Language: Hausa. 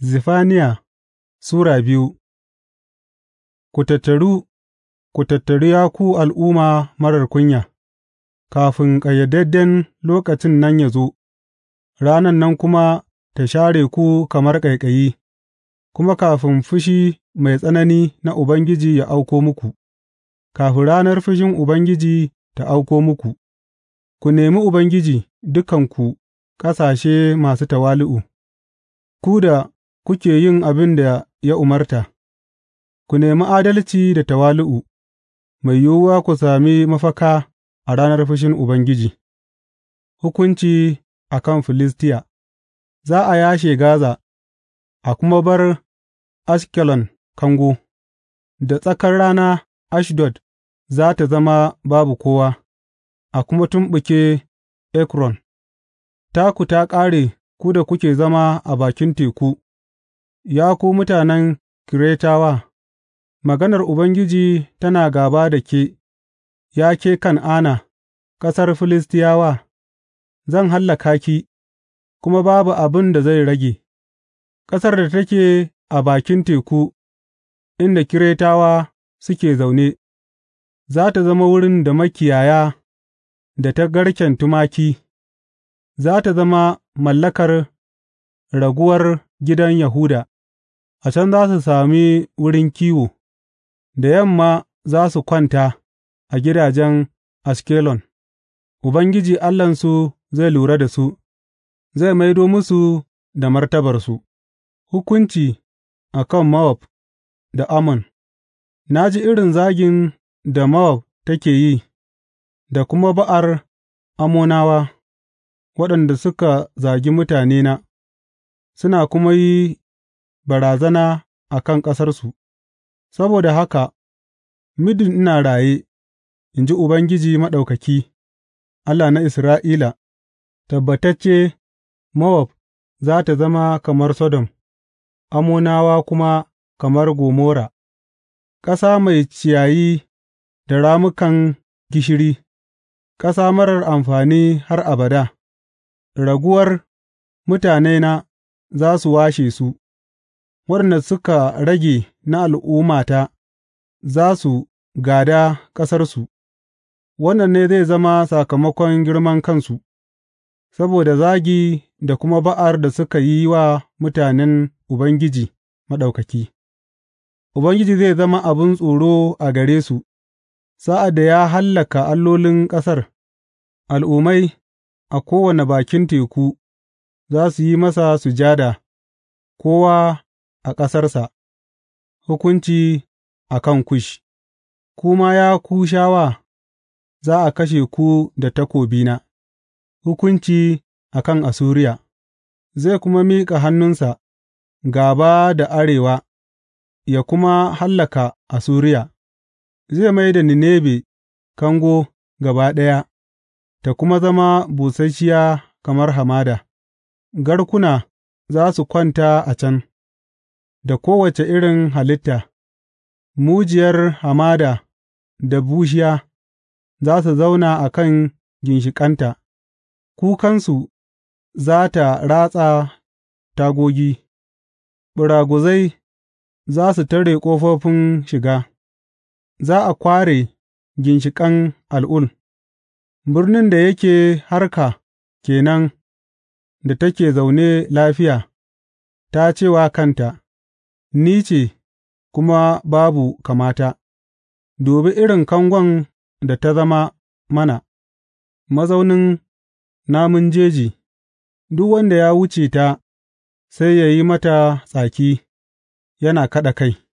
Zefaniya Sura biyu Ku tattaru, ku tattaru, ya ku al'umma marar kunya, kafin ƙayyadadden lokacin nan ya zo, ranan nan kuma ta share ku kamar ƙaiƙayi, kuma kafin fushi mai tsanani na Ubangiji ya auko muku, kafin ranar fushin Ubangiji ta auko muku, ku nemi Ubangiji, dukanku ƙasashe masu tawali'u, ku da kuke yin abin da ya umarta, ku nemi adalci da tawali'u, mai yiwuwa ku sami mafaka a ranar fushin Ubangiji. Hukunci a kan Filistiya Za a yashe Gaza, a kuma bar Ashkelon kango, da tsakar rana Ashdod za ta zama babu kowa, a kuma tumɓuke Ekron, taku ta ƙare ku da kuke zama a bakin teku. Ya ku mutanen kiretawa. maganar Ubangiji tana gāba da ke, ya ke Kan'ana, ƙasar Filistiyawa, zan hallaka ki, kuma babu abin da zai rage, ƙasar da take a bakin teku, inda kiretawa suke zaune, za ta zama wurin da makiyaya da ta garken tumaki, za ta zama mallakar raguwar gidan Yahuda. a can za su sami wurin kiwo, da yamma za su kwanta a gidajen askelon. Ubangiji Allahnsu zai lura da su, zai maido musu da martabarsu, hukunci a kan Mawab da amon Na ji irin zagin da mawab take yi, da kuma ba'ar amonawa waɗanda suka zagi mutanena, suna kuma yi barazana a kan ƙasarsu, saboda haka muddin ina raye, in ji Ubangiji Maɗaukaki, Allah na Isra'ila, tabbatacce Mowab za tă zama kamar Sodom, Ammonawa kuma kamar Gomora. ƙasa mai ciyayi da ramukan gishiri, ƙasa marar amfani har abada, raguwar mutanena za su washe su. waɗanda suka rage na al'ummata za su gāda ƙasarsu, wannan ne zai zama sakamakon girman kansu, saboda zagi da kuma ba'ar da suka yi wa mutanen Ubangiji Maɗaukaki. Ubangiji zai zama abin tsoro a gare su sa'ad da ya hallaka allolin ƙasar, al'ummai a kowane bakin teku za su yi masa sujada, kowa a ƙasarsa, hukunci a kan Kush Ku ma ya Kushawa, za a kashe ku da takobina, hukunci a kan Assuriya, zai kuma miƙa hannunsa Gaba da arewa ya kuma hallaka Assuriya, zai mai da Ninebe kango gaba ɗaya ta kuma zama busasshiya kamar hamada, garkuna za su kwanta a can. da kowace irin halitta, mujiyar hamada da bushiya za su zauna a kan ginshiƙanta, kukansu za tă ratsa tagogi, ɓuraguzai za su tare ƙofofin shiga, za a kware ginshiƙan al'ul, birnin da yake harka kenan da take zaune lafiya, ta ce wa kanta. Ni ce, kuma babu kamata; dubi irin kangon da ta zama mana, mazaunin namun jeji, duk wanda ya wuce ta sai ya yi mata tsaki yana kaɗa kai.